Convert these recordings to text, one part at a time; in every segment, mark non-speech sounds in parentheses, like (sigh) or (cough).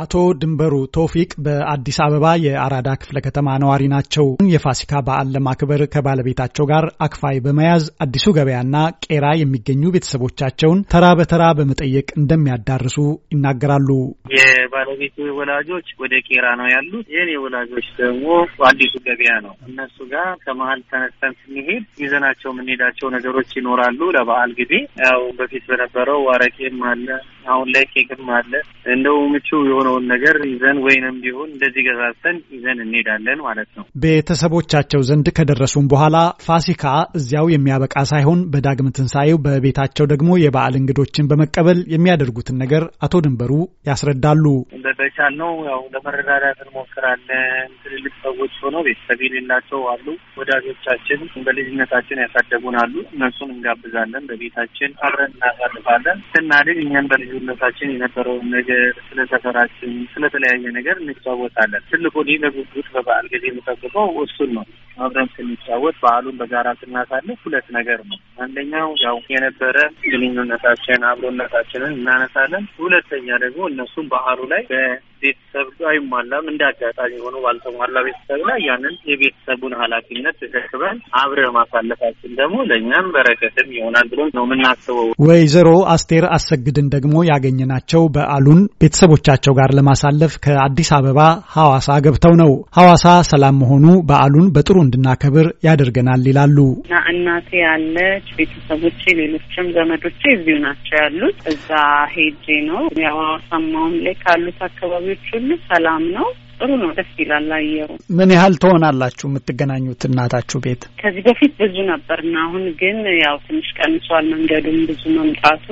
አቶ ድንበሩ ቶፊቅ በአዲስ አበባ የአራዳ ክፍለ ከተማ ነዋሪ ናቸው። የፋሲካ በዓል ለማክበር ከባለቤታቸው ጋር አክፋይ በመያዝ አዲሱ ገበያና ቄራ የሚገኙ ቤተሰቦቻቸውን ተራ በተራ በመጠየቅ እንደሚያዳርሱ ይናገራሉ። የባለቤቱ ወላጆች ወደ ቄራ ነው ያሉት። የኔ ወላጆች ደግሞ አዲሱ ገበያ ነው። እነሱ ጋር ከመሀል ተነስተን ስንሄድ ይዘናቸው የምንሄዳቸው ነገሮች ይኖራሉ። ለበዓል ጊዜ ያው በፊት በነበረው አረቄም አለ፣ አሁን ላይ ኬክም አለ። እንደው ምቹ የሆነውን ነገር ይዘን ወይንም ቢሆን እንደዚህ ገዛዝተን ይዘን እንሄዳለን ማለት ነው። ቤተሰቦቻቸው ዘንድ ከደረሱም በኋላ ፋሲካ እዚያው የሚያበቃ ሳይሆን በዳግም ትንሣኤው በቤታቸው ደግሞ የበዓል እንግዶችን በመቀበል የሚያደርጉትን ነገር አቶ ድንበሩ ያስረዳሉ። በቻል ነው ያው ለመረዳዳት እንሞክራለን። ትልልቅ ሰዎች ሆነው ቤተሰብ የሌላቸው አሉ። ወዳጆቻችን በልጅነታችን ያሳደጉን አሉ። እነሱን እንጋብዛለን። በቤታችን አብረን እናሳልፋለን። ስናድግ እኛን በልጅነታችን የነበረውን ነገር ስለተፈራ ስለራሳችን ስለተለያየ ነገር እንጫወታለን። ትልቁ ሊነጉጉት በበዓል ጊዜ የምጠብቀው እሱን ነው። አብረን ስንጫወት በዓሉን በጋራ ስናሳልፍ ሁለት ነገር ነው። አንደኛው ያው የነበረ ግንኙነታችን አብሮነታችንን እናነሳለን። ሁለተኛ ደግሞ እነሱም በዓሉ ላይ በቤተሰብ አይሟላም እንደ አጋጣሚ ሆኖ ባልተሟላ ቤተሰብ ላይ ያንን የቤተሰቡን ኃላፊነት ተሸክበን አብረ ማሳለፋችን ደግሞ ለእኛም በረከትም ይሆናል ብሎ ነው የምናስበው። ወይዘሮ አስቴር አሰግድን ደግሞ ያገኘናቸው በዓሉን ቤተሰቦቻቸው ጋር ጋር ለማሳለፍ ከአዲስ አበባ ሐዋሳ ገብተው ነው። ሐዋሳ ሰላም መሆኑ በዓሉን በጥሩ እንድናከብር ያደርገናል ይላሉ። እና እናቴ ያለች ቤተሰቦቼ፣ ሌሎችም ዘመዶቼ እዚሁ ናቸው ያሉት። እዛ ሄጄ ነው ያው ሐዋሳም ላይ ካሉት አካባቢዎች ሁሉ ሰላም ነው። ጥሩ ነው፣ ደስ ይላል አየሩ። ምን ያህል ትሆናላችሁ የምትገናኙት እናታችሁ ቤት? ከዚህ በፊት ብዙ ነበርና አሁን ግን ያው ትንሽ ቀንሷል። መንገዱም ብዙ መምጣቱ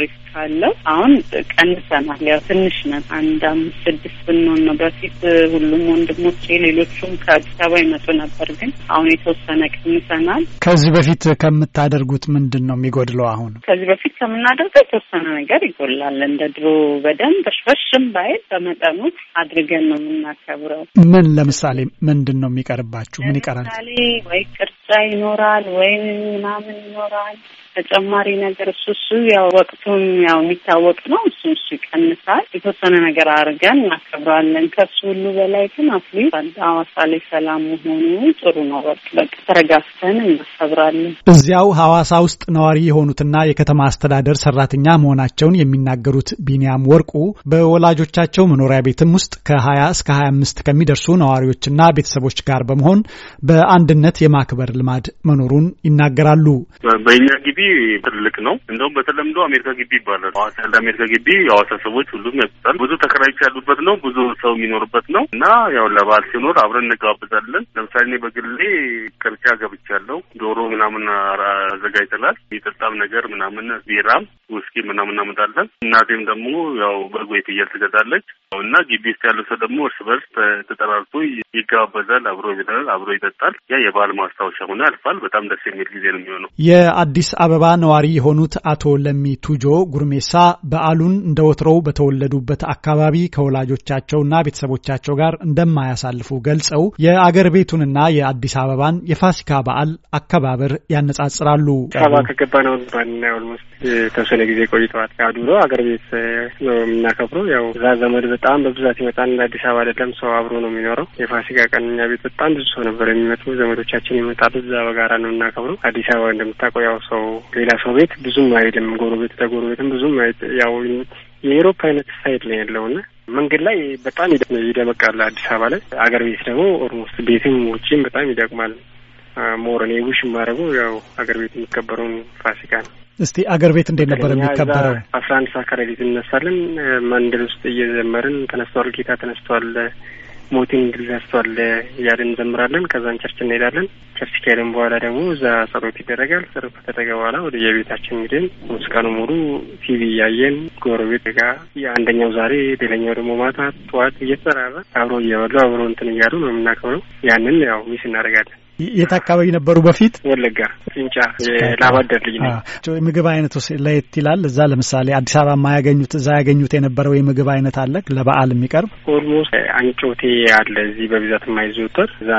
ሪስክ አለው። አሁን ቀንሰናል። ያው ትንሽ ነን፣ አንድ አምስት ስድስት ብንሆን ነው። በፊት ሁሉም ወንድሞቼ ሌሎቹም ከአዲስ አበባ ይመጡ ነበር፣ ግን አሁን የተወሰነ ቀንሰናል። ከዚህ በፊት ከምታደርጉት ምንድን ነው የሚጎድለው? አሁን ከዚህ በፊት ከምናደርገው የተወሰነ ነገር ይጎላል እንደ ድሮ በደንብ በሽበሽም ባይል በመጠኑ አድርገን ነው የምናከብረው። ምን ለምሳሌ ምንድን ነው የሚቀርባችሁ? ምን ይቀራል? ለምሳሌ ወይ ቅርስ ቃጫ ይኖራል ወይም ምናምን ይኖራል ተጨማሪ ነገር እሱ እሱ ያው ወቅቱም ያው የሚታወቅ ነው። እሱ እሱ ይቀንሳል። የተወሰነ ነገር አድርገን እናከብረዋለን። ከሱ ሁሉ በላይ ግን አፍሊ ሐዋሳ ላይ ሰላም መሆኑ ጥሩ ነው። በቃ በቃ ተረጋግተን እናከብራለን። እዚያው ሐዋሳ ውስጥ ነዋሪ የሆኑትና የከተማ አስተዳደር ሰራተኛ መሆናቸውን የሚናገሩት ቢንያም ወርቁ በወላጆቻቸው መኖሪያ ቤትም ውስጥ ከሀያ እስከ ሀያ አምስት ከሚደርሱ ነዋሪዎችና ቤተሰቦች ጋር በመሆን በአንድነት የማክበር ልማድ መኖሩን ይናገራሉ። በእኛ ግቢ ትልቅ ነው። እንደውም በተለምዶ አሜሪካ ግቢ ይባላል። ሐዋሳ ያለ አሜሪካ ግቢ የሐዋሳ ሰዎች ሁሉም ያውቁታል። ብዙ ተከራዮች ያሉበት ነው። ብዙ ሰው የሚኖርበት ነው እና ያው ለበዓል ሲኖር አብረን እንጋብዛለን። ለምሳሌ እኔ በግሌ ቅርጫ ገብቻለሁ። ዶሮ ምናምን አዘጋጅተናል። የጠጣም ነገር ምናምን ቢራም ውስኪ ምናምን እናመጣለን። እናቴም ደግሞ ያው በጎ የፍየል ትገዛለች እና ግቢ ውስጥ ያለው ሰው ደግሞ እርስ በርስ ተጠራርቶ ይጋበዛል። አብሮ ይበላል፣ አብሮ ይጠጣል። ያ የበዓል ማስታወሻ ሰሙን አልፏል። በጣም ደስ የሚል ጊዜ ነው የሚሆነው። የአዲስ አበባ ነዋሪ የሆኑት አቶ ለሚ ቱጆ ጉርሜሳ በዓሉን እንደ ወትሮው በተወለዱበት አካባቢ ከወላጆቻቸውና ቤተሰቦቻቸው ጋር እንደማያሳልፉ ገልጸው የአገር ቤቱንና የአዲስ አበባን የፋሲካ በዓል አከባበር ያነጻጽራሉ። አበባ ከገባ ነው ባና ኦልሞስት የተወሰነ ጊዜ ቆይተዋል። ያ ድሮ አገር ቤት ነው የምናከብረው። ያው እዛ ዘመድ በጣም በብዛት ይመጣል። አዲስ አበባ አይደለም ሰው አብሮ ነው የሚኖረው። የፋሲካ ቀን እኛ ቤት በጣም ብዙ ሰው ነበር የሚመጡ። ዘመዶቻችን ይመጣል በዛ በጋራ ነው የምናከብረው። አዲስ አበባ እንደምታውቀው ያው ሰው ሌላ ሰው ቤት ብዙም አይሄድም። ጎረቤት ተጎረቤትም ብዙም ያው የኤሮፓ አይነት ሳይድ ነው ያለው እና መንገድ ላይ በጣም ይደመቃል አዲስ አበባ ላይ። አገር ቤት ደግሞ ኦልሞስት ቤትም ውጪም በጣም ይደቅማል። ሞር እኔ ውሽ የማደርገው ያው አገር ቤት የሚከበረውን ፋሲካ ነው። እስቲ አገር ቤት እንዴት ነበር የሚከበረው? አስራ አንድ ሰዓት ከሌሊት እንነሳለን። መንደር ውስጥ እየዘመርን ተነስተዋል፣ ጌታ ተነስተዋል ሞቲንግ ደርሷል እያለን እንዘምራለን። ከዛን ቸርች እንሄዳለን። ቸርች ከሄድን በኋላ ደግሞ እዛ ጸሎት ይደረጋል። ጸሎት ከተደረገ በኋላ ወደ የቤታችን እንግዲህ ሶስት ቀኑ ሙሉ ቲቪ እያየን ጎረቤት ጋር የአንደኛው ዛሬ ሌላኛው ደግሞ ማታ ጠዋት እየተጠራራ አብሮ እየበሉ አብሮ እንትን እያሉ ነው የምናከብረው። ያንን ያው ሚስ እናደርጋለን። የት አካባቢ ነበሩ በፊት? ወለጋ ጭንጫ የላባደር ልጅ ነው። የምግብ አይነት ውስጥ ለየት ይላል። እዛ ለምሳሌ አዲስ አበባ የማያገኙት እዛ ያገኙት የነበረው የምግብ አይነት አለ ለበዓል የሚቀርብ ኦልሞስት አንጮቴ አለ እዚህ በብዛት የማይዘወተር እዛ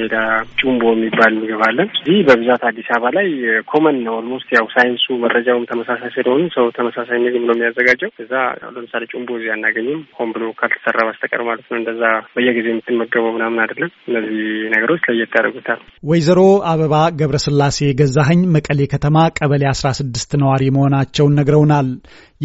ሌላ ጩምቦ የሚባል ምግብ አለ። እዚህ በብዛት አዲስ አበባ ላይ ኮመን ነው። ኦልሞስት ያው ሳይንሱ መረጃውም ተመሳሳይ ስለሆኑ ሰው ተመሳሳይ ምግብ ነው የሚያዘጋጀው። እዛ ለምሳሌ ጩምቦ እዚህ አናገኝም፣ ሆን ብሎ ካልተሰራ በስተቀር ማለት ነው። እንደዛ በየጊዜው የምትመገበው ምናምን አይደለም። እነዚህ ነገሮች ለየት ያደርጉት ይገኙበታል። ወይዘሮ አበባ ገብረስላሴ ገዛኸኝ መቀሌ ከተማ ቀበሌ 16 ነዋሪ መሆናቸውን ነግረውናል።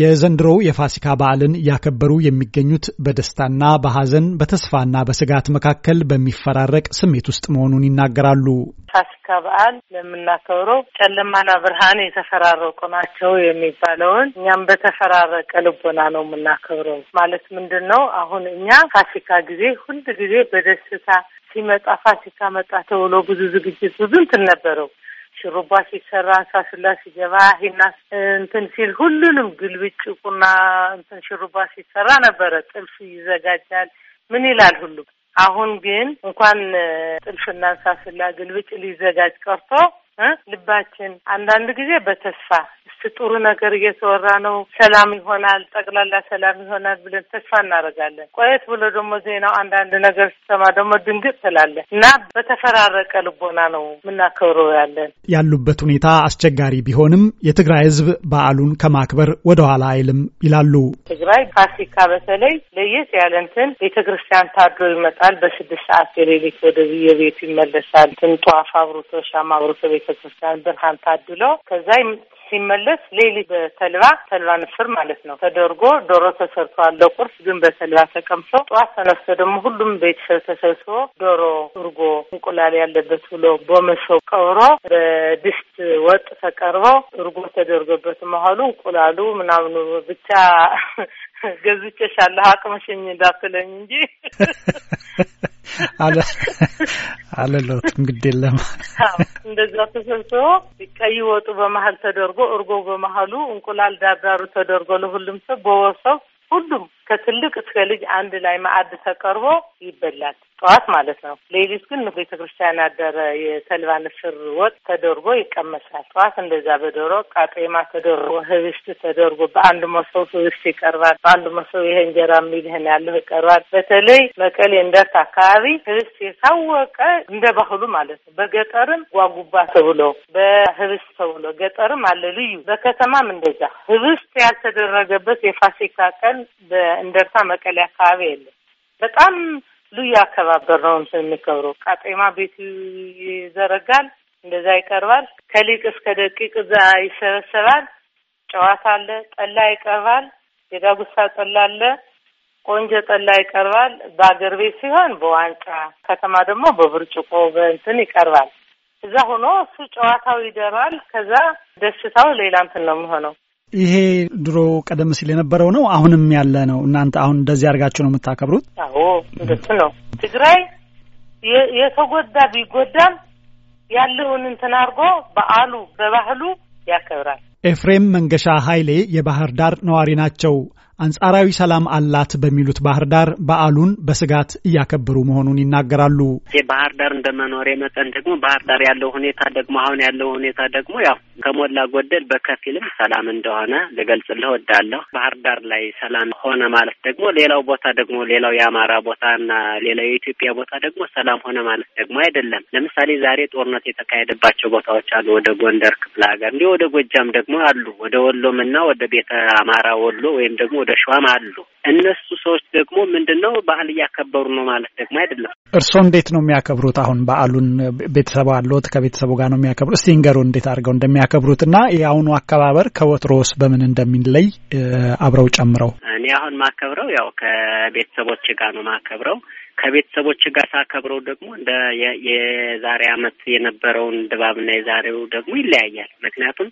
የዘንድሮው የፋሲካ በዓልን እያከበሩ የሚገኙት በደስታና በሐዘን በተስፋና በስጋት መካከል በሚፈራረቅ ስሜት ውስጥ መሆኑን ይናገራሉ። ፋሲካ በዓል ለምናከብረው ጨለማና ብርሃን የተፈራረቁ ናቸው የሚባለውን እኛም በተፈራረቀ ልቦና ነው የምናከብረው። ማለት ምንድን ነው? አሁን እኛ ፋሲካ ጊዜ ሁል ጊዜ በደስታ ሲመጣ ፋሲካ መጣ ተብሎ ብዙ ዝግጅት ብዙ እንትን ነበረው። ሽሩባ ሲሰራ፣ እንሳስላ ሲገባ፣ ሂና እንትን ሲል ሁሉንም ግልብጭ ቁና እንትን ሽሩባ ሲሰራ ነበረ። ጥልፍ ይዘጋጃል። ምን ይላል ሁሉም። አሁን ግን እንኳን ጥልፍና እንሳስላ ግልብጭ ሊዘጋጅ ቀርቶ ልባችን አንዳንድ ጊዜ በተስፋ ጥሩ ነገር እየተወራ ነው፣ ሰላም ይሆናል፣ ጠቅላላ ሰላም ይሆናል ብለን ተስፋ እናደርጋለን። ቆየት ብሎ ደግሞ ዜናው አንዳንድ ነገር ስትሰማ ደግሞ ድንግጥ ትላለ እና በተፈራረቀ ልቦና ነው የምናከብረው ያለን። ያሉበት ሁኔታ አስቸጋሪ ቢሆንም የትግራይ ህዝብ በዓሉን ከማክበር ወደኋላ አይልም ይላሉ። ትግራይ ፋሲካ በተለይ ለየት ያለ እንትን ቤተ ክርስቲያን ታድሮ ይመጣል። በስድስት ሰዓት የሌሊት ወደ የቤቱ ይመለሳል። ትንጧፍ አብሩቶ ሻማ አብሩቶ ቤተ ክርስቲያን ብርሃን ታድሎ ከዛ ሲመለስ ሌሊት በተልባ ተልባ ንስር ማለት ነው ተደርጎ ዶሮ ተሰርቷል ለቁርስ ግን በተልባ ተቀምሶ ጠዋት ተነስቶ ደግሞ ሁሉም ቤተሰብ ተሰብስቦ ዶሮ፣ እርጎ፣ እንቁላል ያለበት ብሎ በመሶብ ቀብሮ በድስት ወጥ ተቀርቦ እርጎ ተደርጎበት መሀሉ እንቁላሉ ምናምኑ ብቻ (laughs) ገዝቼሻለሁ አቅምሽኝ እንዳትለኝ እንጂ (laughs) አለለውትም ግድ የለም። እንደዛ ተሰብስቦ ቀይ ወጡ በመሀል ተደርጎ እርጎ በመሀሉ እንቁላል ዳርዳሩ ተደርጎ ለሁሉም ሰው በወሰው ሁሉም ከትልቅ እስከ ልጅ አንድ ላይ ማዕድ ተቀርቦ ይበላል። ጠዋት ማለት ነው። ሌሊት ግን ቤተ ክርስቲያን ያደረ የተልባ ንፍር ወጥ ተደርጎ ይቀመሳል። ጠዋት እንደዛ በዶሮ ቃጤማ ተደርጎ ህብስት ተደርጎ በአንድ መሶብ ህብሽት ይቀርባል። በአንድ መሶብ ይሄ እንጀራ የሚልህን ያለው ይቀርባል። በተለይ መቀሌ እንደርት አካባቢ ህብሽት የታወቀ እንደ ባህሉ ማለት ነው። በገጠርም ጓጉባ ተብሎ በህብስ ተብሎ ገጠርም አለ ልዩ። በከተማም እንደዛ ህብስት ያልተደረገበት የፋሲካ ቀን እንደርታ መቀሌ አካባቢ የለም። በጣም ልዩ አከባበር ነው የሚከብረው። ቃጤማ ቤቱ ይዘረጋል፣ እንደዛ ይቀርባል። ከሊቅ እስከ ደቂቅ እዛ ይሰበሰባል። ጨዋታ አለ፣ ጠላ ይቀርባል። የዳጉሳ ጠላ አለ፣ ቆንጆ ጠላ ይቀርባል። በአገር ቤት ሲሆን በዋንጫ ከተማ ደግሞ በብርጭቆ በእንትን ይቀርባል። እዛ ሆኖ እሱ ጨዋታው ይደራል። ከዛ ደስታው ሌላ እንትን ነው የሚሆነው። ይሄ ድሮ ቀደም ሲል የነበረው ነው፣ አሁንም ያለ ነው። እናንተ አሁን እንደዚህ አድርጋችሁ ነው የምታከብሩት? አዎ እንደሱ ነው። ትግራይ የተጎዳ ቢጎዳም ያለውን እንትን አድርጎ በዓሉ በባህሉ ያከብራል። ኤፍሬም መንገሻ ኃይሌ የባህር ዳር ነዋሪ ናቸው። አንጻራዊ ሰላም አላት በሚሉት ባህር ዳር በዓሉን በስጋት እያከበሩ መሆኑን ይናገራሉ። ባህር ዳር እንደ መኖሬ መጠን ደግሞ ባህር ዳር ያለው ሁኔታ ደግሞ አሁን ያለው ሁኔታ ደግሞ ያው ከሞላ ጎደል በከፊልም ሰላም እንደሆነ ልገልጽልህ ልወዳለሁ ባህር ዳር ላይ ሰላም ሆነ ማለት ደግሞ ሌላው ቦታ ደግሞ ሌላው የአማራ ቦታ እና ሌላው የኢትዮጵያ ቦታ ደግሞ ሰላም ሆነ ማለት ደግሞ አይደለም። ለምሳሌ ዛሬ ጦርነት የተካሄደባቸው ቦታዎች አሉ። ወደ ጎንደር ክፍለ ሀገር እንዲህ ወደ ጎጃም ደግሞ አሉ። ወደ ወሎም እና ወደ ቤተ አማራ ወሎ ወይም ደግሞ ወደ ሸዋም አሉ። እነሱ ሰዎች ደግሞ ምንድን ነው ባህል እያከበሩ ነው ማለት ደግሞ አይደለም። እርስዎ እንዴት ነው የሚያከብሩት? አሁን በዓሉን ቤተሰብ አለዎት? ከቤተሰቡ ጋር ነው የሚያከብሩት? እስቲ ንገሩ እንዴት አድርገው እንደሚያከብሩት እና የአሁኑ አከባበር ከወትሮስ በምን እንደሚለይ አብረው ጨምረው። እኔ አሁን ማከብረው ያው ከቤተሰቦች ጋር ነው ማከብረው ከቤተሰቦች ጋር ሳከብረው ደግሞ እንደ የዛሬ አመት የነበረውን ድባብና የዛሬው ደግሞ ይለያያል። ምክንያቱም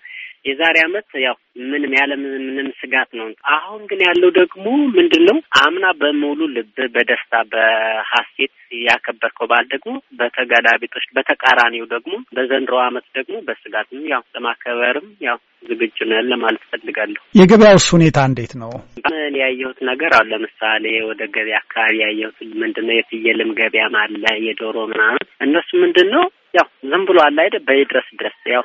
የዛሬ ዓመት ያው ምንም ያለ ምንም ስጋት ነው። አሁን ግን ያለው ደግሞ ምንድን ነው? አምና በሙሉ ልብ በደስታ በሀሴት ያከበርከው በዓል ደግሞ በተገላቢጦች፣ በተቃራኒው ደግሞ በዘንድሮ ዓመት ደግሞ በስጋት ያው ለማከበርም ያው ዝግጁ ነን ለማለት ፈልጋለሁ። የገበያውስ ሁኔታ እንዴት ነው? ምን ያየሁት ነገር አሁ ለምሳሌ ወደ ገበያ አካባቢ ያየሁት ምንድን ነው የፍየልም ገበያም አለ የዶሮ ምናምን እነሱ ምንድን ነው ያው ዝም ብሎ አለ አይደል በይድረስ ድረስ ያው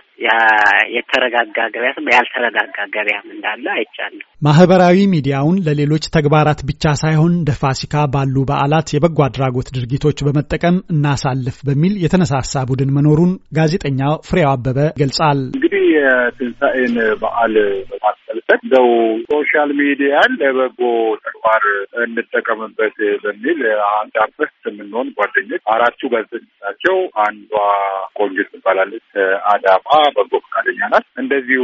የተረጋጋ ገበያ ያልተረጋጋ ገበያም እንዳለ አይቻለሁ። ማህበራዊ ሚዲያውን ለሌሎች ተግባራት ብቻ ሳይሆን እንደ ፋሲካ ባሉ በዓላት የበጎ አድራጎት ድርጊቶች በመጠቀም እናሳልፍ በሚል የተነሳሳ ቡድን መኖሩን ጋዜጠኛው ፍሬው አበበ ይገልጻል። እንግዲህ የትንሣኤን በዓል በማስ ሰርተን እንደው ሶሻል ሚዲያን ለበጎ ተግባር እንጠቀምበት በሚል አንድ አምስት የምንሆን ጓደኞች አራቱ ጋዜጠኞች ናቸው። አንዷ ቆንጆ ትባላለች፣ አዳማ በጎ ፈቃደኛ ናት። እንደዚሁ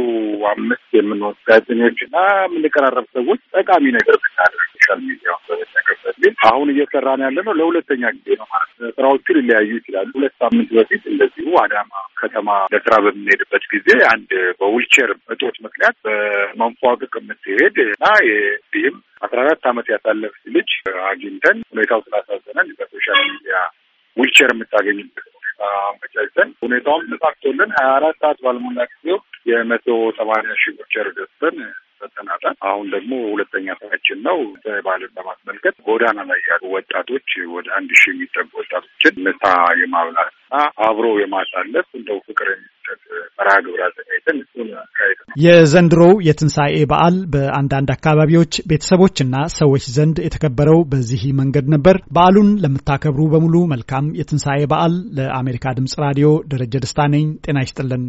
አምስት የምንሆን ጋዜጠኞች እና የምንቀራረብ ሰዎች ጠቃሚ ነገር ብናደርግ ሶሻል ሚዲያ በተነቀበት አሁን እየሰራ ነው ያለ ነው። ለሁለተኛ ጊዜ ነው ማለት ስራዎቹ ሊለያዩ ይችላሉ። ሁለት ሳምንት በፊት እንደዚሁ አዳማ ከተማ ለስራ በምንሄድበት ጊዜ አንድ በዊልቸር እጦት ምክንያት በመንፏቅቅ የምትሄድ እና ይህም አስራ አራት አመት ያሳለፍ ልጅ አግኝተን ሁኔታው ስላሳዘነን በሶሻል ሚዲያ ዊልቸር የምታገኝበት አመቻችተን ሁኔታውም ተሳክቶልን ሀያ አራት ሰዓት ባልሞላ ጊዜው የመቶ ሰማንያ ሺህ ዊልቸር ገዝተን ሰጥተናታል። አሁን ደግሞ ሁለተኛ ስራችን ነው በዓልን ለማስመልከት ጎዳና ላይ ያሉ ወጣቶች ወደ አንድ ሺህ የሚጠጉ ወጣቶችን ምሳ የማብላት እና አብሮ የማሳለፍ እንደው ፍቅር የሚሰጥ መርሃ ግብር አዘጋጅተን እሱን ነው። የዘንድሮው የትንሣኤ በዓል በአንዳንድ አካባቢዎች ቤተሰቦችና ሰዎች ዘንድ የተከበረው በዚህ መንገድ ነበር። በዓሉን ለምታከብሩ በሙሉ መልካም የትንሣኤ በዓል። ለአሜሪካ ድምጽ ራዲዮ ደረጀ ደስታ ነኝ። ጤና ይስጥልን።